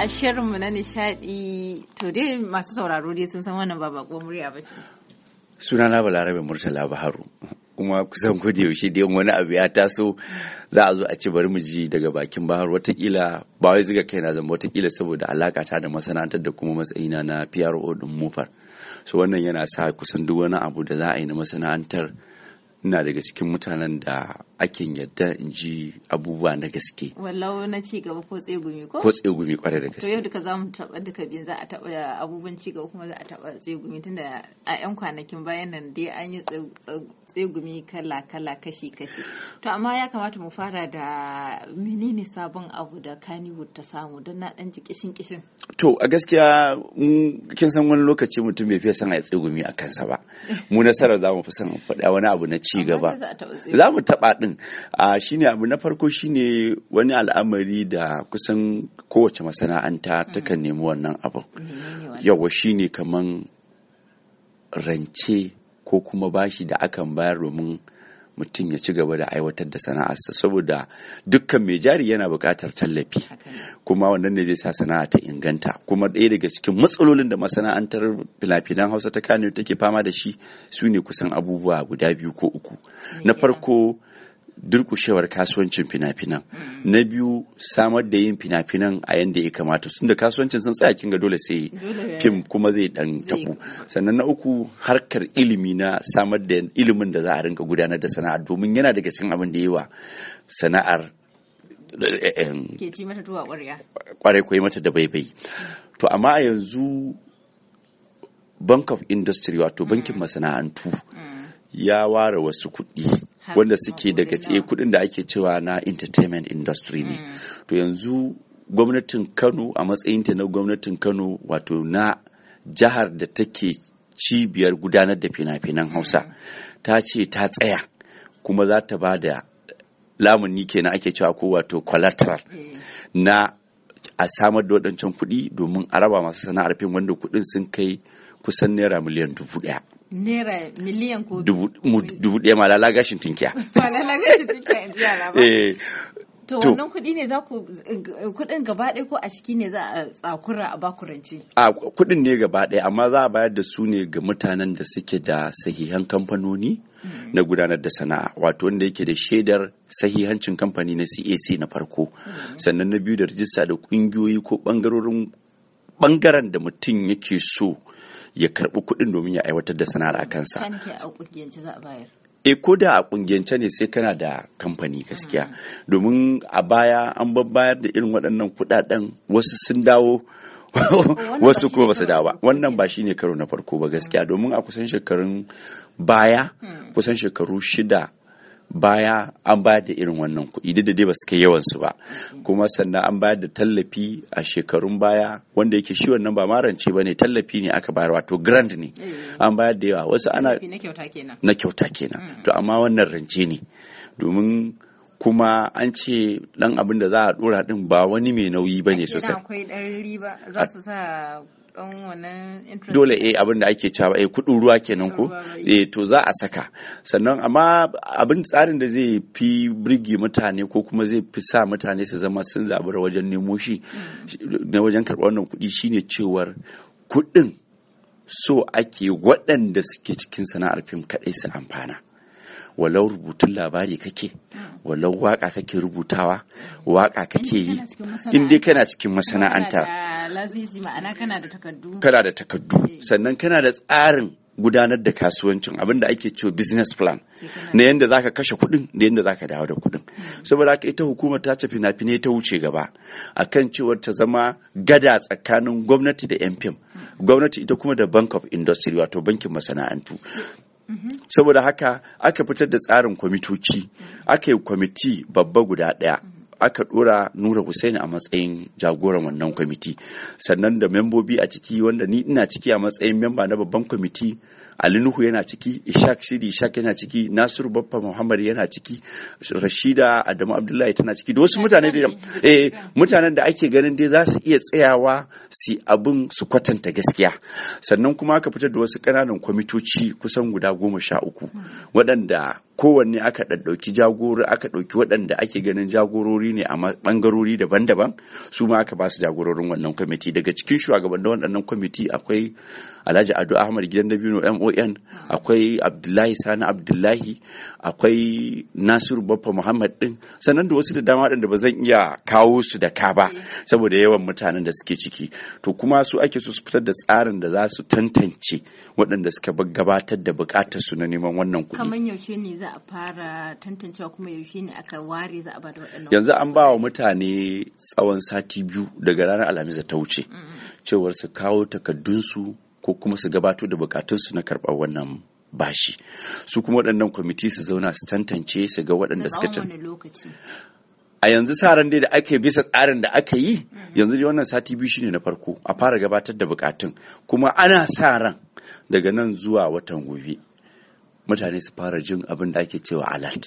a shirinmu na nishadi to dai masu sauraro dai sun san wannan ba bakon murya ba ce. Sunana Balarabe Murtala Baharu. kuma kusan kudi yaushe dai wani abu ya taso za a zo a ce bari mu ji daga bakin baharu watakila ba wai ziga kaina zan watakila saboda alaka ta da masana'antar da kuma matsayina na PRO din mufar so wannan yana sa kusan duk wani abu da za a yi na masana'antar ina daga cikin mutanen da ake yadda in ji abubuwa na gaske. Wallau na ci gaba ko tsegumi ko? Ko tsegumi kwarai da gaske. To yau duka za mu taɓa duka biyan za a taɓa abubuwan ci gaba kuma za a taɓa tsegumi tunda a 'yan kwanakin bayan nan dai an yi tsegumi kala-kala kashi-kashi. To amma ya kamata mu fara da menene sabon abu da Kannywood ta samu don na ɗan ji kishin-kishin. To a gaskiya kin san wani lokaci mutum bai fiye son a tsegumi a kansa ba. Eh. Mu nasara za mu fi son faɗa wani abu na ci gaba za mu taɓa ɗin a shine abu na farko shine wani al'amari da kusan kowace masana'anta mm-hmm. takan nemi wannan abu yawa shine kaman rance ko kuma bashi da akan bayar domin mutum ya ci gaba da aiwatar da sana'arsa saboda dukkan mai jari yana buƙatar tallafi kuma wannan ne zai sa sana'a ta inganta kuma ɗaya daga cikin matsalolin da masana'antar fina hausa ta kano take fama da shi su ne kusan abubuwa guda biyu ko uku na farko durkushewar kasuwancin fina-finan mm. na biyu samar da yin fina-finan a yadda ya kamata tunda kasuwancin sun tsaya kinga dole sai fim kuma zai dan tabu sannan na uku harkar ilimi na samar da ilimin da za a rinka gudanar da sana'ar domin yana daga cikin abin da yawa sana'ar eh, eh, ke ci mata mata da baibai to amma a yanzu bank of industry wato bankin mm. masana'antu mm. ya ware wasu kuɗi wanda suke daga ce kudin da ake cewa na entertainment industry ne hmm. to yanzu gwamnatin kano a matsayinta na gwamnatin kano wato na jihar da take cibiyar gudanar da fina-finan hausa hmm. ta ce ta tsaya kuma za ta ba da lamuni kenan ake cewa ko wato collateral hmm. na a samar da waɗancan kuɗi domin a raba masu sana'ar fim wanda kuɗin sun kai kusan naira miliyan dubu ɗaya. Naira miliyan ko dubu ɗaya malala gashin tinkiya. Malala gashin tinkiya in ji yara eh, To wannan kuɗi ne za ku kuɗin gaba ɗaya ko a ciki ne za a tsakura a bakuranci? A kuɗin ne gaba ɗaya amma za a bayar da su ne ga mutanen da suke da sahihan kamfanoni hmm. na gudanar da sana'a wato wanda yake da shaidar sahihancin kamfani na CAC na farko hmm. sannan na biyu da rajista da ƙungiyoyi ko ɓangarorin bangaren da mutum yake so ya karbi kuɗin domin ya aiwatar da sana'ar a kansa e ko da a kungiyance ne sai kana da kamfani gaskiya ah. domin a baya an babbayar da irin waɗannan kuɗaɗen wasu sun dawo wasu kuma basu dawo ba wannan ba shi ne karo na farko ba ah. gaskiya domin a kusan shekarun baya hmm. kusan shekaru shida baya an bayar da irin wannan kuɗi duk da dai ba su kai yawansu ba kuma sannan an bayar da tallafi a shekarun baya wanda yake shi wannan ba marance ba ne tallafi ne aka bayar wato grand ne eh. an bayar da yawa wasu ana na kyauta kenan mm. to amma wannan rance ne domin kuma an ce dan abin da za a dora din ba wani mai nauyi ba ne sosai dole eh abin da ake cewa eh kudin ruwa kenan ko eh to za a saka sannan amma abin tsarin da zai fi birge mutane ko kuma zai fi sa mutane su zama sun zabura wajen nemo mm. shi na wajen karɓar wannan kuɗi shine cewar kuɗin so ake waɗanda suke cikin sana'ar fim kaɗai su amfana walau rubutun labari kake walau waka kake rubutawa waka kake yi in kana cikin masana'anta kana da takardu eh. sannan kana da tsarin gudanar da kasuwancin abinda ake cewa business plan na yadda za ka kashe kuɗin da yadda za ka dawo da kuɗin hmm. saboda haka ita hukumar ta ce fina-finai ta wuce gaba akan cewar ta zama gada tsakanin gwamnati da mpm hmm. gwamnati ita kuma da bank of industry wato bankin masana'antu saboda haka aka fitar da tsarin kwamitoci aka yi kwamiti babba guda ɗaya aka dora nura Hussein a matsayin jagoran wannan kwamiti sannan da membobi a ciki wanda ni ina ciki a matsayin memba na babban kwamiti ali nuhu yana ciki ishak shidi ishak yana ciki nasiru Babba muhammad yana ciki rashida adamu abdullahi tana ciki da wasu mutane da eh mutanen da ake ganin dai za su iya tsayawa su abin su kwatanta gaskiya sannan kuma aka fitar da wasu ƙananan kwamitoci kusan guda goma sha uku waɗanda kowanne aka ɗauki jagorori aka ɗauki waɗanda ake ganin jagorori ne a ɓangarori daban-daban su ma aka ba su jagororin wannan kwamiti daga cikin shugaban shugabannin wannan kwamiti akwai alhaji ado ahmad gidan dabino mon akwai abdullahi sani abdullahi akwai nasiru baffa muhammad din sannan da wasu da dama waɗanda ba zan iya kawo su da ka ba saboda yawan mutanen da suke ciki to kuma su ake so su fitar da tsarin da za su tantance waɗanda suka gabatar da buƙatar su na neman wannan kuɗi kamar yaushe ne za za a fara tantancewa kuma yaushe ne aka ware za a ba da waɗannan yanzu an ba wa mutane tsawon sati biyu daga ranar alhamis da ta wuce cewar su kawo takaddunsu, ko kuma su gabato da bukatunsu na karɓar wannan bashi su kuma waɗannan kwamiti su zauna su tantance su ga waɗanda suka can a yanzu ran dai da ake bisa tsarin da aka yi yanzu dai wannan sati biyu shine na farko a fara gabatar da bukatun kuma ana sa ran daga nan zuwa watan gobe mutane su fara jin abin da ake cewa alert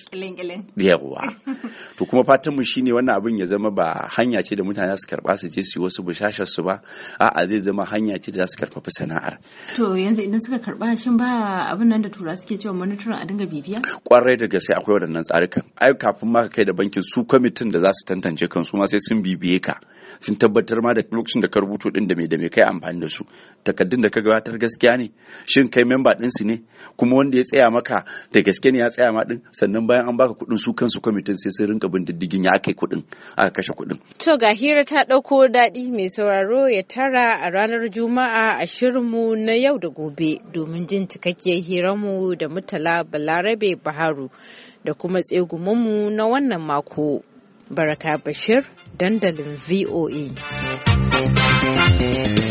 Yawwa. to kuma fatan mu shine wannan abin ya zama ba hanya ce da mutane su karba su je su wasu bushashar su ba a'a zai zama hanya ce da za su karfafa sana'ar to yanzu idan suka karba shin ba abin nan da tura suke cewa monitoring a dinga bibiya kwarai da gaske akwai waɗannan tsarukan ai kafin ma ka kai da bankin su kwamitin da za su tantance kansu ma sai sun bibiye ka sun tabbatar ma da lokacin da ka rubuto din da me da me kai amfani da su takardun da ka gabatar gaskiya ne shin kai memba ɗinsu ne kuma wanda ya tsaya maka da gaske ne ya tsaya ma din sannan bayan an baka kuɗin su kansu kwamitin sai sun rinka bin diddigin ya kai kuɗin aka kashe kuɗin. To ga hira ta ɗauko daɗi mai sauraro ya tara a ranar Juma'a a shirinmu na yau da gobe domin jin cikakkiyar hiranmu da mutala Balarabe Baharu da kuma tsegumanmu na wannan mako. Baraka Bashir, dandalin VOA. E.